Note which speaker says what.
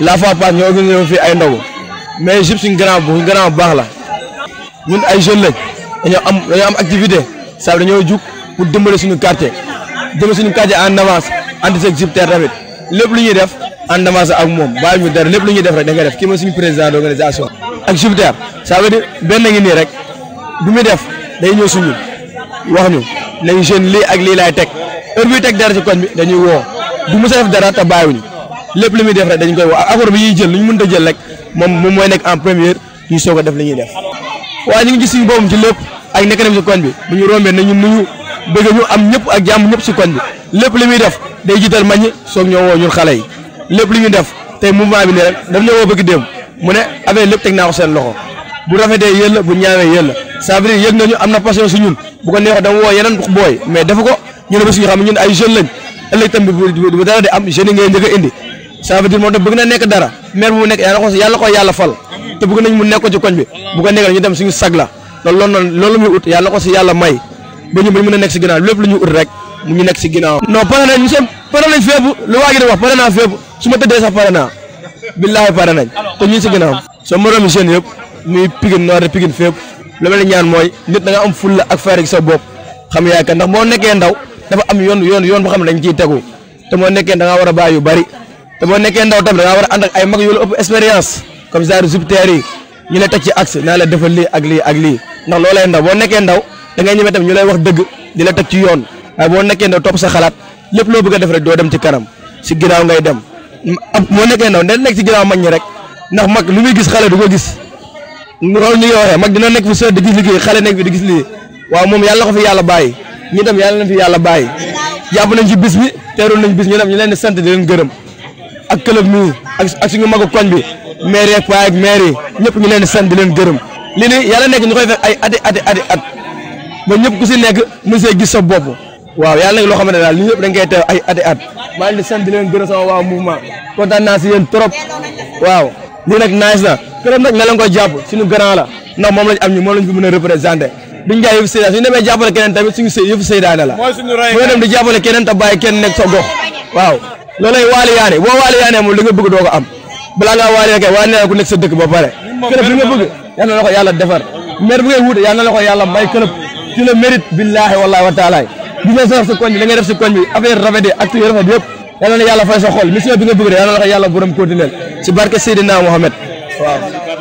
Speaker 1: la fois passée ñoo organisé fii ay ndogu mais Jib suñ grand bu grand bu baax la ñun ay jeunes lañ dañoo am dañoo am activité saa dañoo jug pour dimbale suñu quartier dimbale suñu quartier en avance anti sec Jib Terre Rapide lépp lu ñuy def en avance ak moom bàyyi ñu dara lépp lu ñuy def rek da def kii mooy suñu président d' organisation. ak Jib Terre ça benn ngi nii rek bu muy def day ñëw suñu wax ñu nañ jeune lii ak lii laay teg heure bi teg dara ci koñ bi dañuy woo du mos a dara te bàyyiwuñu. lépp li muy def rek dañ koy wax accord bi ñuy jël lu ñu mënta jël rek moom moom mooy nekk en première ñu soog def li ñuy def. waa ñu ngi gis suñu boppam ci lépp ak nekk nañ si koñ bi bu ñu rombee nañu am ñëpp jàmm ñëpp si koñ bi lépp li muy def day jiital mañi soog ñoo woo ñun xale yi lépp li ñuy def tey mouvement bi nii rek woo bëgg démb mu ne avec lépp teg naa ko seen loxo bu rafetee yéen la bu ñaawee yéen la ça veut dire yëg nañu am na passion si ñun bu ko neex dama woo yeneen booy mais dafa ko ñu ne ba suñu xam ñun ay jeune lañ ëllëg tam bi bu dara di am jeune ngay njëkk a indi ça moom tam bëgg na nekk dara maire bu mu nekk yàlla ko yàlla ko yàlla fal te bëgg nañ mu nekk ko ci koñ bi bu a nekk si ginnaaw lépp lu ñu ut so moromi seen yëpp muy Pikine Nord Pikine mooy nit da nga am fulla ak fayda sa bopp xam yaay kan ndax boo nekkee ndaw dafa am yoon yoon yoon boo xam ne dañ ciy tegu te moo nekkee da nga war a bàyyi yu bari te boo nekkee ndaw tam da ngaa war a ànd ak ay mag yu la ëpp expérience comme genre Jupiter yi ñu lay teg ci axe naa la defal lii ak lii ndax loo lay ndaw boo nekkee ndaw da ngay ñemee tamit ñu lay wax dëgg di la teg ci yoon waaye boo nekkee ndaw topp sa xalaat lépp loo bëgg a def doo dem ci kanam si ginnaaw ngay dem moo nekkee ndaw ndel nekk si ginnaaw mag ñi rek ndax mag lu muy gis xale du ko gis loolu ñu ngi waxee mag dina nekk fi soo di gis liggéey xale nekk fi di gis lii waaw moom yàlla ko fi yàlla bàyyi ñi tam yàlla na fi yàlla bàyyi jàpp nañ ci bis bi teeru nañ bis ñu tam ñu leen di sant di leen gërëm ak club mi ak ak suñu magu koñ bi maire yeeg paa yeeg maire yi ñëpp ñu leen di sant di leen gërëm li nii yàlla nekk nu koy fekk ay ati ati ati at ba ñëpp ku si nekk mu see gis sa bopp waaw yala nekk loo xamante ne daal lii ñëpp dañ koy teew ay ati at maa ngi di sant di leen gërëm sama waaw mouvement kontaan naa si yéen trop waaw lii nag nice na këram nag na leen koy jàpp suñu grand la ndax moom lañ am ñu moom a représenté duñ jaay yëfu Seydina suñu demee jàppale keneen tamit suñu yëfu la mooy suñu rey mu di jàppale keneen te bàyyi kenn nekk sa loolay waaliyaane boo waaliyaane moom li nga bëgg doo ko am balaa ngaa waaliyaane kay waaliyaane la ku nekk sa dëkk ba pare club bi nga bëgg yal na la ko yàlla defar maire bi ngay wuute yal na la ko may club ci le billaahi wallaahi wa taalaay gis nga sa sa koñ bi li ngay def si koñ bi affaire rafet yi acte yi rafet yëpp yal na la yàlla fay sa xol mission bi nga bëgg de yal na la ko yàlla borom si barke Seydina Mohamed